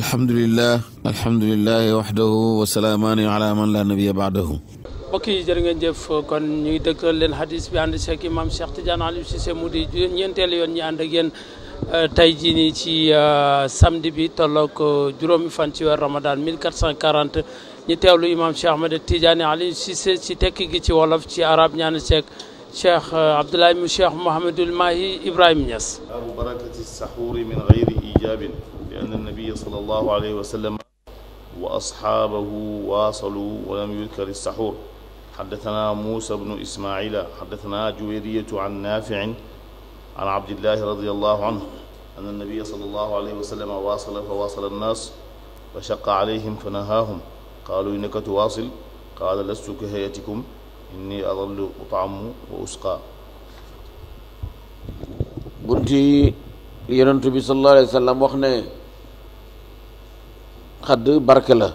الحمد لله الحمد لله وحده وسلامان على من لا نبي بعده بكي جرن جيف كون ني دكتور حديث بي اند شيخ امام شيخ علي سيسي مودي نينتل يون ني اند ген سامدي بي تولوك جوروم فان سي رمضان 1440 ني تيولو امام شيخ احمد تجان علي سيسي سي تيكي جي سي ولف سي عرب نيان شيخ شيخ آه، عبد الله الشيخ محمد الماهي ابراهيم نياس ابو بركه السحور من غير ايجاب لأن النبي صلى الله عليه وسلم وأصحابه واصلوا ولم يذكر السحور حدثنا موسى بن إسماعيل حدثنا جويرية عن نافع عن عبد الله رضي الله عنه أن النبي صلى الله عليه وسلم واصل فواصل الناس فشق عليهم فنهاهم قالوا إنك تواصل قال لست كهيئتكم إني أظل أطعم وأسقى بنتي yonent صلى الله عليه وسلم وخنه xadd barke la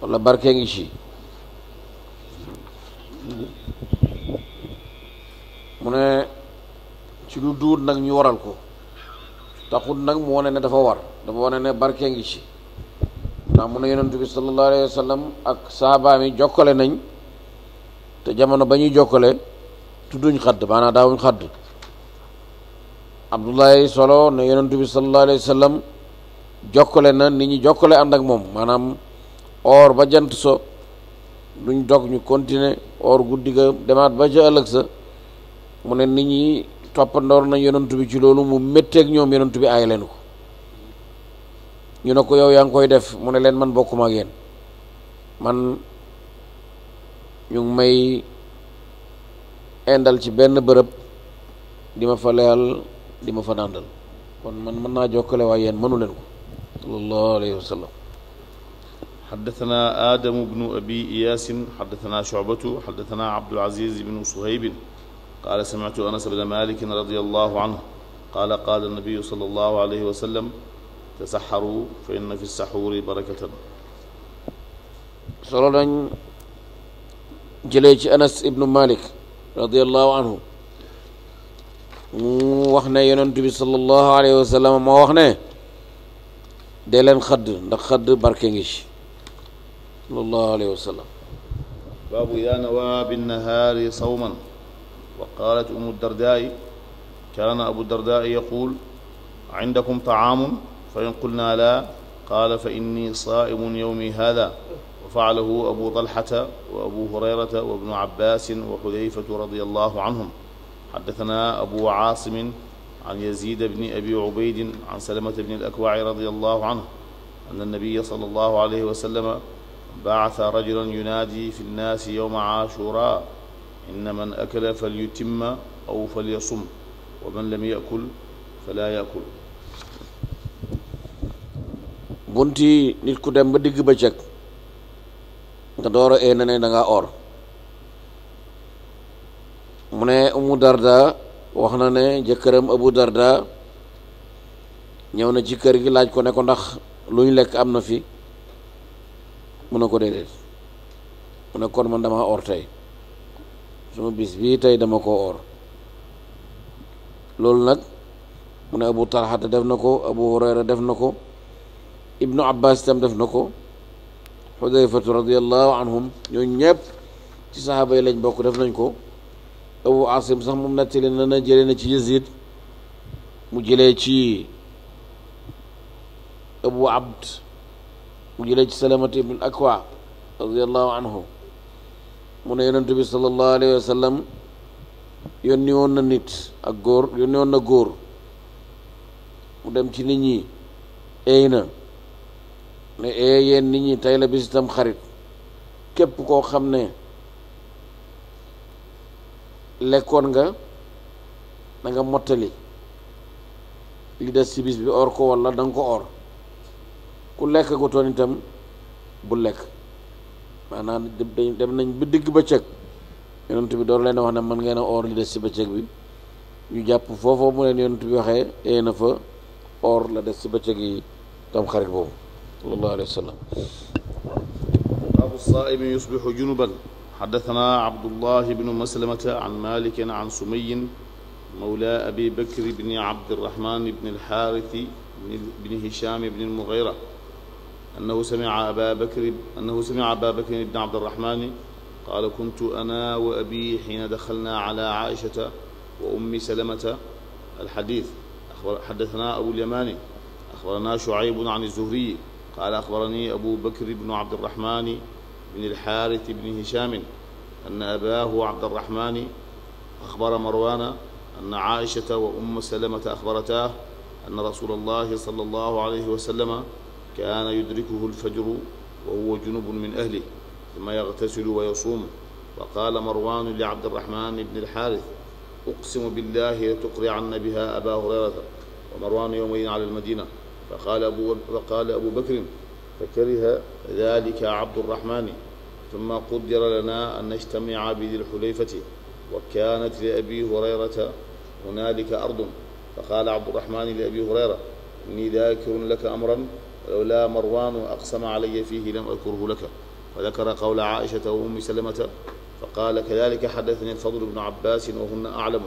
wala barke ngi ci mu ne ci lu duut nag ñu waral ko taxut nag mu wane ne dafa war dafa ne barke ngi ci ndax mu ne yonent bi sallallahu alayhi Wasallam ak saabaam yi jokkale nañ te jamono ba ñuy jokkale tudduñ xadd maanaam daawuñ xadd abdullahi solo ne yonent bi sallallahu alayhi Wasallam jokkale na nit ñi jokkale ànd ak moom maanaam or ba jant so duñ dog ñu continuer or guddi ga demaat ba ca ëllëg sa mu ne nit ñi toppandoor na yonantu bi ci loolu mu métteeg ñoom yonantu bi aay leen ko ñu ne ko yow yaa ngi koy def mu ne leen man bokkuma ak yéen man ñu may indal ci benn bërëb di ma fa leyal di ma fa dàndal kon man mën naa jokkale waaye yenn mënu leen ko صلى الله عليه وسلم حدثنا آدم بن أبي إياس حدثنا شعبة حدثنا عبد العزيز بن صهيب قال سمعت أنس بن مالك رضي الله عنه قال قال النبي صلى الله عليه وسلم تسحروا فإن في السحور بركة سرنا جليج أنس بن مالك رضي الله عنه وحنا ينتبه صلى الله عليه وسلم ما وحنا دلنا خد نخد بركينش الله عليه وسلم باب إذا نوى بالنهار صوما وقالت أم الدرداء كان أبو الدرداء يقول عندكم طعام فإن قلنا لا قال فإني صائم يومي هذا وفعله أبو طلحة وأبو هريرة وابن عباس وحذيفة رضي الله عنهم حدثنا أبو عاصم عن يزيد بن أبي عبيد عن سلمة بن الأكوع رضي الله عنه أن النبي صلى الله عليه وسلم بعث رجلا ينادي في الناس يوم عاشوراء إن من أكل فليتم أو فليصم ومن لم يأكل فلا يأكل بنتي nit دم dem بجك تدور اينا te doora ee na ne wax na ne jëkkëram Abu Darda ñëw na ci kër gi laaj ko ne ko ndax lu ñu lekk am na fi mu ne ko déedéet mu ne kon man dama or tey suma bis bii tey dama ko or loolu nag mu ne Abu Talhata def na ko Abu Hurayra def na ko Ibnu Abbas itam def na ko Xudayfatu radiallahu anhum ñooñu ñëpp ci saxaaba yi lañ bokk def nañ ko abu asim sax moom na nettali na na jëlee na ci yazid mu jëlee ci abu abd mu jëlee ci salamata ibnul akwa radiallahu anhu mu ne yonent bi sallallahu alayhi wa sallam yónni woon na nit ak góor yónni woon na góor mu dem ci nit ñi eey na ne eey yéen nit ñi tey la bis itam xarit képp koo xam ne lekkoon nga da mottali li des ci bis bi or ko walla da nga ko or ku lekk gu toon itam bu lekk maanaam dem nañ ba digg bëccëg yonent bi door leen wax ne man ngeen a or li des ci bëccëg bi ñu jàpp foofoo mu leen yonent bi waxee ee na fa or la des ci bëccëg yi tam xarit boobu sallallahu alayhi wa sallam baabu saa'imi yusbihu junuban حدثنا عبد الله بن مسلمة عن مالك عن سمي مولى أبي بكر بن عبد الرحمن بن الحارث بن هشام بن المغيرة أنه سمع أبا بكر أنه سمع أبا بكر بن عبد الرحمن قال كنت أنا وأبي حين دخلنا على عائشة وأم سلمة الحديث حدثنا أبو اليماني أخبرنا شعيب عن الزهري قال أخبرني أبو بكر بن عبد الرحمن بن الحارث بن هشام أن أباه عبد الرحمن أخبر مروان أن عائشة وأم سلمة أخبرتاه أن رسول الله صلى الله عليه وسلم كان يدركه الفجر وهو جنب من أهله ثم يغتسل ويصوم وقال مروان لعبد الرحمن بن الحارث أقسم بالله لتقرعن بها أبا هريرة ومروان يومين على المدينة فقال أبو, فقال أبو بكر فكره ذلك عبد الرحمن ثم قدر لنا أن نجتمع بذي الحليفة وكانت لأبي هريرة هنالك أرض فقال عبد الرحمن لأبي هريرة إني ذاكر لك أمرا ولولا مروان أقسم علي فيه لم أذكره لك وذكر قول عائشة وأم سلمة فقال كذلك حدثني الفضل بن عباس وهن أعلم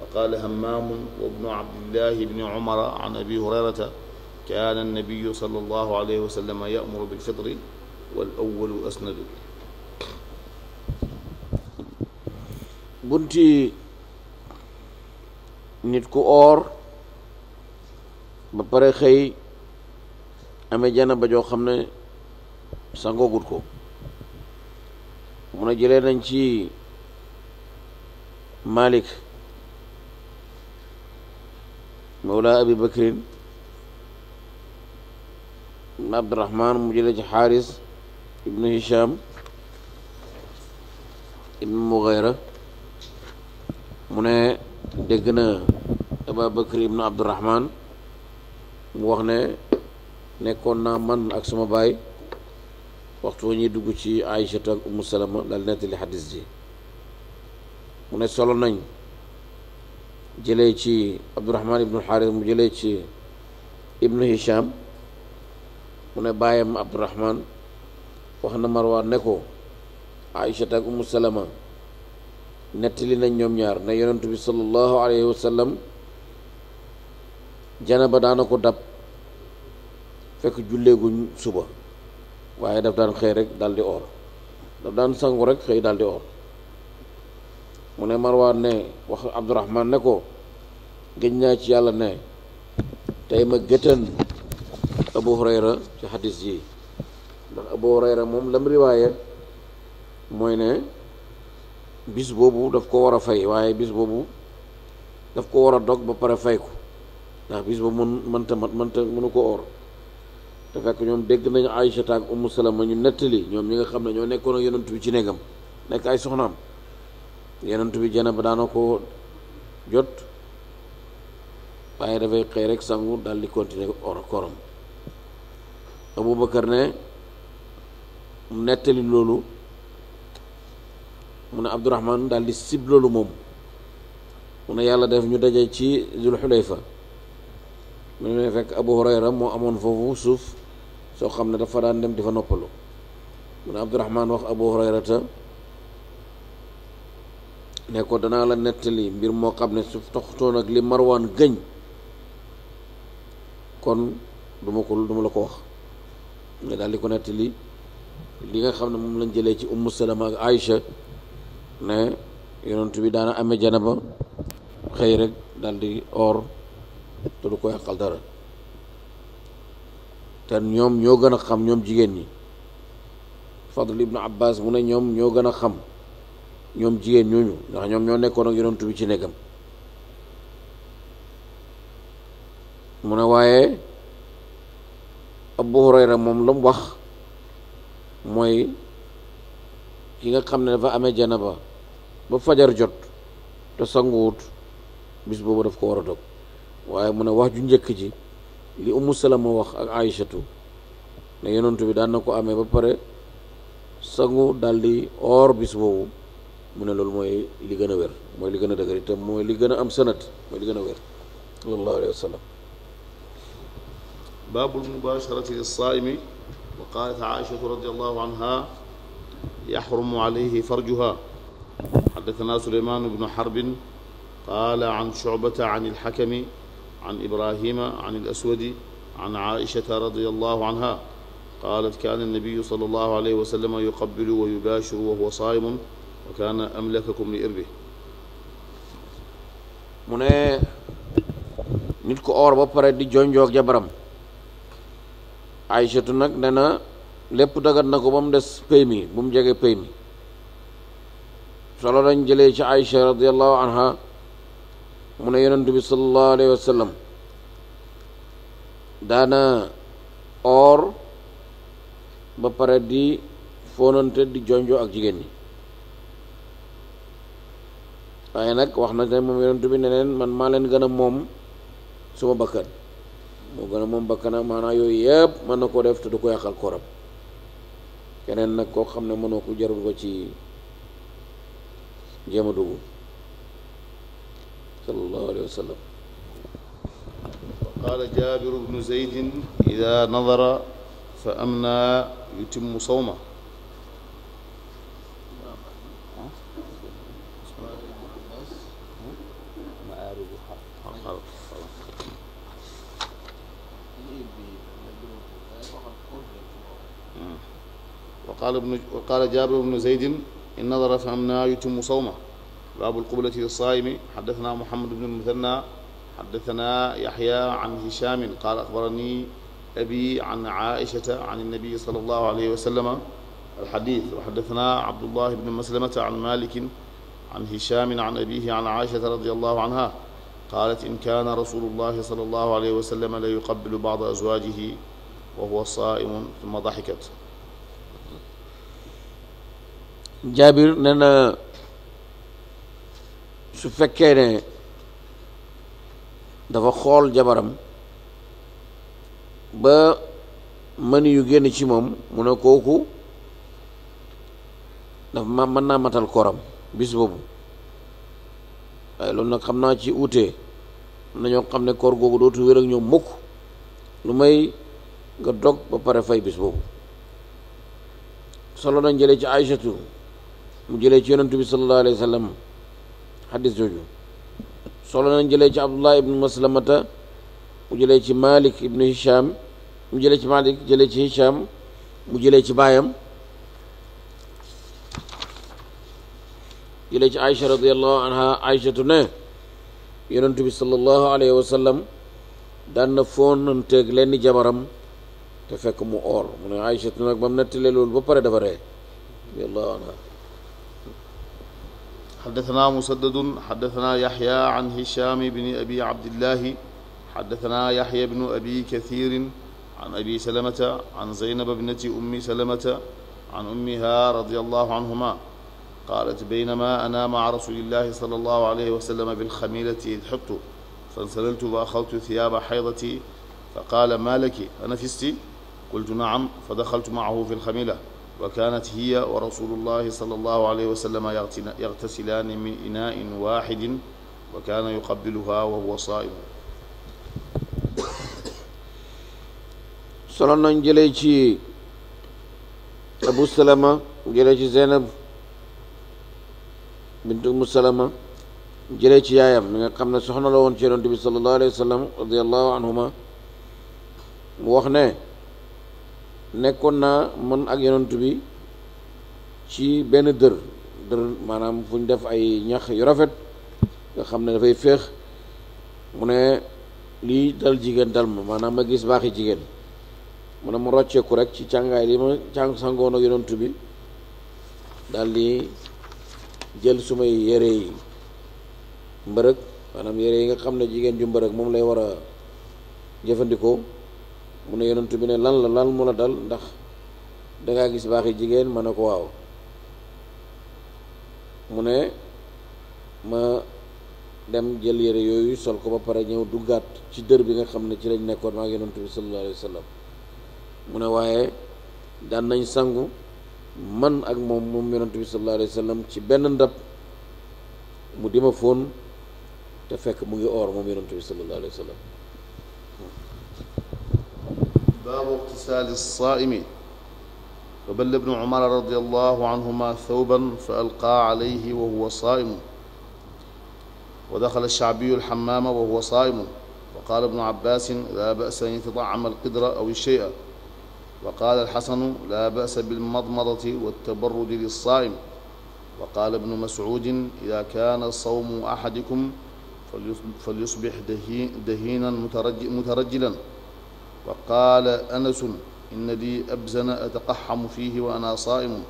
وقال همام وابن عبد الله بن عمر عن أبي هريرة كان النبي صلى الله عليه وسلم يأمر بالفطر والأول أسند bunti nit ku oor ba pare xëy amee jana ba joo xam ne sangoogut ko mun a jëlee nañ ci Malik mawla abi bakrin ibn abdurahman mu jëlee ci xaaris ibnu hisham ibnu mughayra mu ne dégg na Aba Bakri ibnu Abdurahman mu wax ne nekkoon naa man ak suma baay waxtu wa ñuy dugg ci Aïchata ak Umu Salama dal nettali xadis ji mu ne solo nañ jële ci Abdurahman ibnu Xaaris mu jëlee ci ibnu Hisham mu ne baayam Abdurahman wax na Marwaan ne ko Aïchata ak Umu Salama nettali nañ ñoom ñaar ne yonent bi sallallahu alayhi wa sallam janaba daana ko dab fekk julleeguñ suba waaye daf daan xëy rek daldi di oor daf daan sangu rek xëy daal oor mu ne Marwaan ne wax Abdurahman ne ko gëj naa ci yàlla ne tey ma gëtën Abu Hurayra ci xadis yi ndax Abu Hurayra moom lam riwaaye mooy ne bis boobu daf ko war a fay waaye bis boobu daf ko war a dog ba pare fay ko ndax bis boobu mën mënta mat mënta mënu ko or te fekk ñoom dégg nañu Aïchata ak Umu Salama ñu nettali ñoom ñi nga xam ne ñoo nekkoon ak bi ci néegam nekk ay soxnaam yonent bi jana ba daana ko jot waaye dafay xëy rek sangu dal di continuer or korom Abubakar ne nettali loolu mu ne abdourahman daal di sib loolu moom mu ne yàlla def ñu daje ci zul xulayfa mu ne fekk abu hurayra moo amoon foofu suuf soo xam ne dafa daan dem di fa noppalu mu ne abdourahman wax abu hurayrata ne ko danaa la nettali mbir moo xam ne su toxtoon ak li marwaan gëñ kon duma ko duma la ko wax nga daal di ko nettali li nga xam ne moom lañ jëlee ci ummu salama ak aïcha ne yonent bi daana amee janaba xëy rek dal di or te du ko yàqal dara te ñoom ñoo gën a xam ñoom jigéen ñi Fadl ibnu Abbas mu ne ñoom ñoo gën a xam ñoom jigéen ñooñu ndax ñoom ñoo nekkoon ak yonontu bi ci nekkam mu ne waaye Abu Hurayra moom la mu wax mooy ki nga xam ne dafa amee janaba ba fajar jot te sanguwut bis boobu daf ko war a dog waaye mu ne wax ju njëkk ji li umu salama wax ak aïchatu ne yonantu bi daan na ko amee ba pare sangu daldi or bis boobu mu ne loolu mooy li gën a wér mooy li gën a dëgër itam mooy li gën a am sanat mooy li gën a wér sallallahu alayhi wa sallam baabul mubaasharati lissaa'imi wa qaalat aïchatu radiallahu anha yaxrumu farjuha حدثنا سليمان بن حرب قال عن شعبة عن الحكم عن إبراهيم عن الأسود عن عائشة رضي الله عنها قالت كان النبي صلى الله عليه وسلم يقبل ويباشر وهو صائم وكان أملككم لإربه من ne أور بابا ردي جون جوك جبرم عائشة نك ننا nag ne نكو lépp dagat na ko ba mu solo dañ jëlee ci Aïcha radiallahu anha mu ne yonentu bi sallallahu alayhi wa daana or ba pare di foonante di jonjoo ak jigéen ñi waaye nag wax na ne moom yonentu bi ne man maa leen gën a moom suma bakkan moo gën a moom bakkana maanaa yooyu yëpp mën na koo def te du ko yàqal rab keneen nag koo xam ne mënoo ko jarul ko ci جمله صلى الله عليه وسلم وقال جابر بن زيد إذا نظر فأمنى يتم صومه وقال ابن وقال جابر بن زيد إن نظر فأمنا يتم صومه باب القبلة للصائم حدثنا محمد بن المثنى حدثنا يحيى عن هشام قال أخبرني أبي عن عائشة عن النبي صلى الله عليه وسلم الحديث وحدثنا عبد الله بن مسلمة عن مالك عن هشام عن أبيه عن عائشة رضي الله عنها قالت إن كان رسول الله صلى الله عليه وسلم ليقبل بعض أزواجه وهو صائم ثم ضحكت jaabir nee na su fekkee ne dafa xool jabaram ba mën yu génn ci moom mu ne kooku dafa ma mën naa matal kooram bis boobu waaye loolu nag xam naa ci uute nañoo xam ne koor googu dootu wér ak ñoom mukk lu may nga dog ba pare fay bis boobu solo nañ jëlee ci Aysatu mu jëlee ci yonentu bi sallallahu alayhi wa sallam xadis jooju solo nañ jëlee ci abdullah ibnu maslamata mu jëlee ci malik ibnu hisham mu jëlee ci malik jëlee ci hisham mu jëlee ci baayam jëlee ci aïcha radiallahu anha aïchatu ne yonentu bi sallallahu alayhi wa sallam daan na foonanteeg lenn jabaram te fekk mu oor mu anha حدثنا مسدد حدثنا يحيى عن هشام بن أبي عبد الله حدثنا يحيى بن أبي كثير عن أبي سلمة عن زينب ابنة أم سلمة عن أمها رضي الله عنهما قالت بينما أنا مع رسول الله صلى الله عليه وسلم بالخميلة إذ حط فانسللت وأخذت ثياب حيضتي فقال ما لك أنفستي قلت نعم فدخلت معه في الخميلة وكانت هي ورسول الله صلى الله عليه وسلم يغتسلان من إناء واحد وكان يقبلها وهو صائم سنن جليتي ابو سلمة جليتي زينب بنت ام سلمة جليتي يايم من قمنا سخنا لون شيرون صلى الله عليه وسلم رضي الله عنهما وخنا nekkoon naa man ak yonent bi ci benn dër dër maanaam fu ñu def ay ñax yu rafet nga xam ne dafay féex mu ne lii dal jigéen dal ma maanaam ma gis baaxi jigéen mu ne mu rocceeku rek ci càngaay li ma càng sangoon ak yonent bi daal di jël sumay yére yi mbërëg maanaam yére yi nga xam ne jigéen ju mbërëg moom lay war a jëfandikoo mu ne yonent bi ne lan la lan mu la dal ndax dangaa gis baaxi jigéen ma ne ko waaw mu ne ma dem jël yére yooyu sol ko ba pare ñëw duggaat ci dër bi nga xam ne ci lañ nekkoon maa ngi yonent bi sallallahu alayhi wa sallam mu ne waaye daan nañ sangu man ak moom moom yonent bi sallallahu alayhi wa sallam ci benn ndab mu dima ma fóon te fekk mu ngi oor moom yonent bi sallallahu alayhi wa sallam باب اغتسال الصائم وبل ابن عمر رضي الله عنهما ثوبا فألقى عليه وهو صائم ودخل الشعبي الحمام وهو صائم وقال ابن عباس لا بأس أن يتطعم القدر أو الشيء وقال الحسن لا بأس بالمضمضة والتبرد للصائم وقال ابن مسعود إذا كان صوم أحدكم فليصبح دهينا مترجلا وقال أنس إن لي أبزن أتقحم فيه وأنا صائم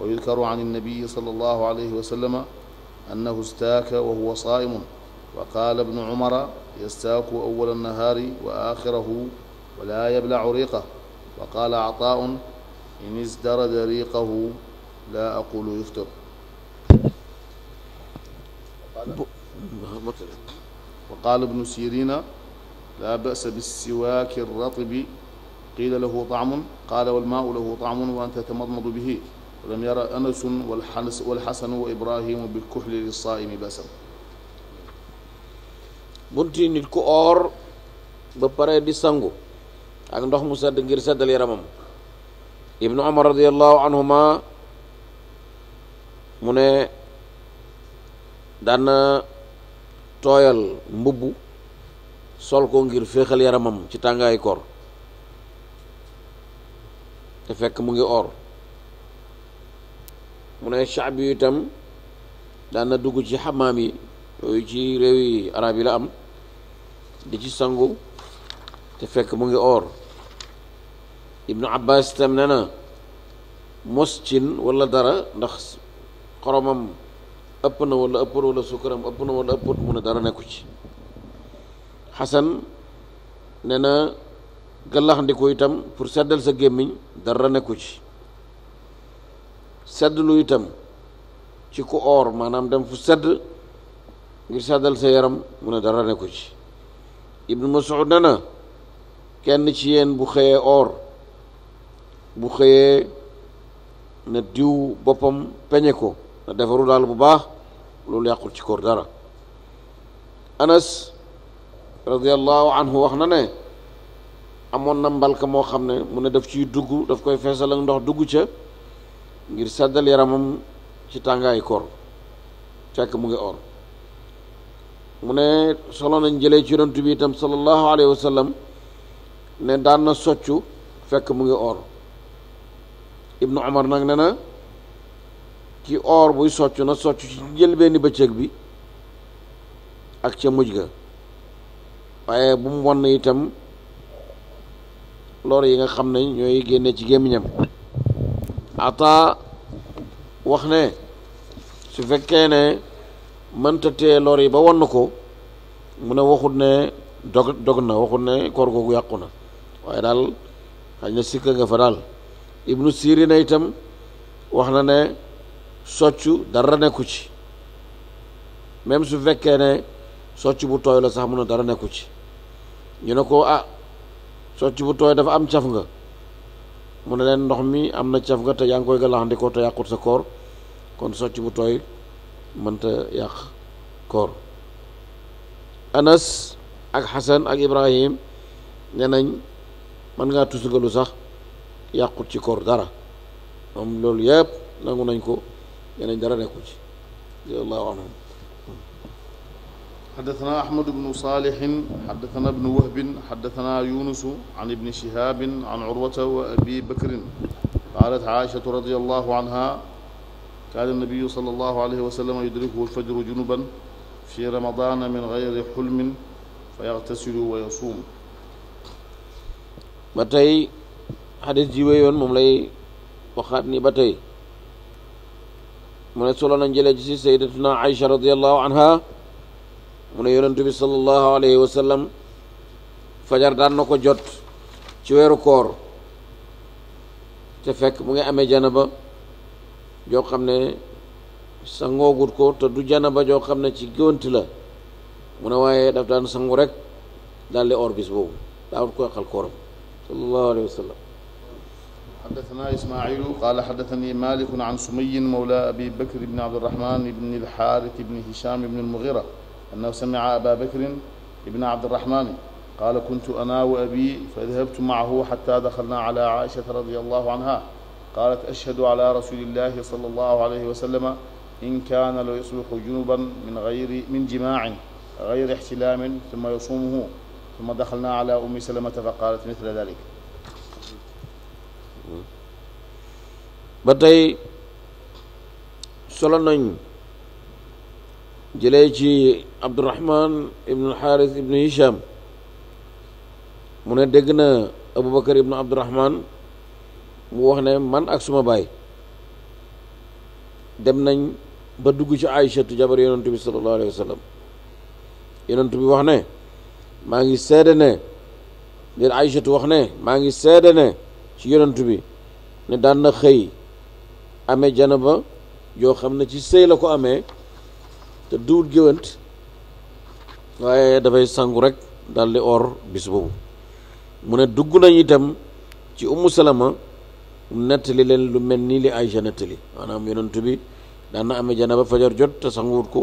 ويذكر عن النبي صلى الله عليه وسلم أنه استاك وهو صائم وقال ابن عمر يستاك أول النهار وآخره ولا يبلع ريقه وقال عطاء إن ازدرد ريقه لا أقول يفطر وقال ابن سيرين لا بأس بالسواك الرطب قيل له طعم قال والماء له طعم وأنت تمضمض به ولم يرى أنس والحنس والحسن وإبراهيم بالكحل للصائم بأسا بنتي نلكو أور ببرأي دي سنغو أكن دوخ موسى دنجير سدل يرمم ابن عمر رضي الله عنهما من دان تويل مبو sol ko ngir féexal yaramam ci tàngaayu koor te fekk mu ngi or mu ne shaab yu itam daan dugg ci xamaam yi yooyu ci réew yi arab yi la am di ci sangu te fekk mu ngi or ibnu abbas itam ne na mos walla dara ndax xoromam ëpp na wala ëppul wala sukaram ëpp na wala ëpput mu ne dara nekku ci xasan ne na gàllaxndiku itam pour seddal sa gémmiñ dara nekku ci seddlu itam ci ku oor maanaam dem fu sedd ngir seddal sa yaram mu ne dara ne ko ci ibnu Mas'ud ne na kenn ci yéen bu xëyee oor bu xëyee na diw boppam peñe ko na defaru daal bu baax loolu yàqul ci koor dara Anas radiallahu anhu wax na ne amoon na mbalka moo xam ne mu ne def ciy dugg daf koy feesal ak ndox dugg ca ngir seddal yaramam ci tàngaayu koor fekk mu ngi or mu ne solo nañ jëlee ci yonent bi itam sallallahu alayhi wa sallam ne daan na soccu fekk mu ngi or ibnu Umar nag ne na ki or buy soccu na soccu ci jël benn bëccëg bi ak ca mujj ga waaye bu mu won itam lor yi nga xam nañ ñooy génnee ci gémmiñam ata wax ne su fekkee ne mënta tee lor yi ba won ko mu ne waxut ne dog dog na waxut ne koor googu yàqu na waaye daal xaj na sikka nga fa daal ibnu na itam wax na ne soccu dara nekku ci même su fekkee ne soccu bu tooy la sax mun a dara nekku ci ñu ne ko ah socc bu tooy dafa am caf nga mu ne leen ndox mi am na caf nga te yaa ngi koy galaxandikoo te yàqut sa koor kon socc bu tooy mënta yàq koor anas ak xasan ak ibrahim ne nañ mën ngaa tusungalu sax yàqut ci koor dara moom loolu yëpp nangu nañ ko ne nañ dara nekku ci allahu anhum حدثنا أحمد بن صالح حدثنا ابن وهب حدثنا يونس عن ابن شهاب عن عروة وأبي بكر قالت عائشة رضي الله عنها كان النبي صلى الله عليه وسلم يدركه الفجر جنبا في رمضان من غير حلم فيغتسل ويصوم باتاي حديث xadis ji wéyoon moom lay waxaat ni ba tey mu ne solo nañ jëlee ci sayyidatuna من يرن تبي صلى الله عليه وسلم فجر دان نكو جوت تشوير كور تفك مغي امي جانبا جو خامني سانغو غور كو تدو جانبا جو خامني سي غونت لا من واي دا دان سانغو رك دال لي اور بيس بو دا كو خال كور صلى الله عليه وسلم حدثنا اسماعيل قال حدثني مالك عن سمي مولى ابي بكر بن عبد الرحمن بن الحارث بن هشام بن المغيره أنه سمع أبا بكر ابن عبد الرحمن قال كنت أنا وأبي فذهبت معه حتى دخلنا على عائشة رضي الله عنها قالت أشهد على رسول الله صلى الله عليه وسلم إن كان يصبح جنبا من غير من جماع غير احتلام ثم يصومه ثم دخلنا على أم سلمة فقالت مثل ذلك بدأي tey jëlee ci abdurahman ibnu alxaaris ibnu hisham mu ne dégg na aboubacar ibnu abdurahman mu wax ne man ak suma baay dem nañ ba dugg ci aïchatu jabar yonentu bi sallallahu alayhi wa sallam yonentu bi wax ne maa ngi seede ne déet aïchatu wax ne maa ngi seede ne ci yonentu bi ne daan na xëy amee janaba yoo xam ne ci sëy la ko amee te duwut waaye dafay sangu rek daal di or bis boobu mu ne dugg nañ itam ci ummu salama nettali leen lu mel nii li ay Aysa nettali maanaam yonent bi daan na amee ba fajar jot te sanguwut ko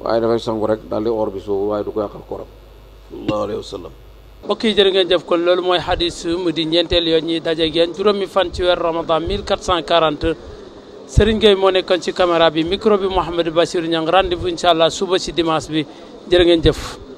waaye dafay sangu rek daal di or bis boobu waaye du ko yàqal koram sallallahu alayhi wa sallam mbokk yi jërë ngeen jëf kon loolu mooy xadis mu di ñeenteel yoon ñi daje geen juróomi fan ci weer ramadan Serigne Gueye moo nekkoon ci caméra bi micro bi Mouhamadou Bassirou Niang rendez allah suba ci dimanche bi jërë ngeen jëf.